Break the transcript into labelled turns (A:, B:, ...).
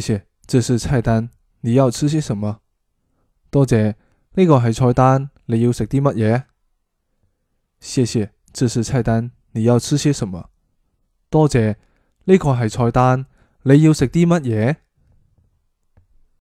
A: 謝謝，這是菜單，你要吃些什麼？多謝，呢個係菜單，你要食啲乜嘢？謝謝，這是菜單，你要吃些什麼？多謝，呢個係菜單，你要食啲乜
B: 嘢？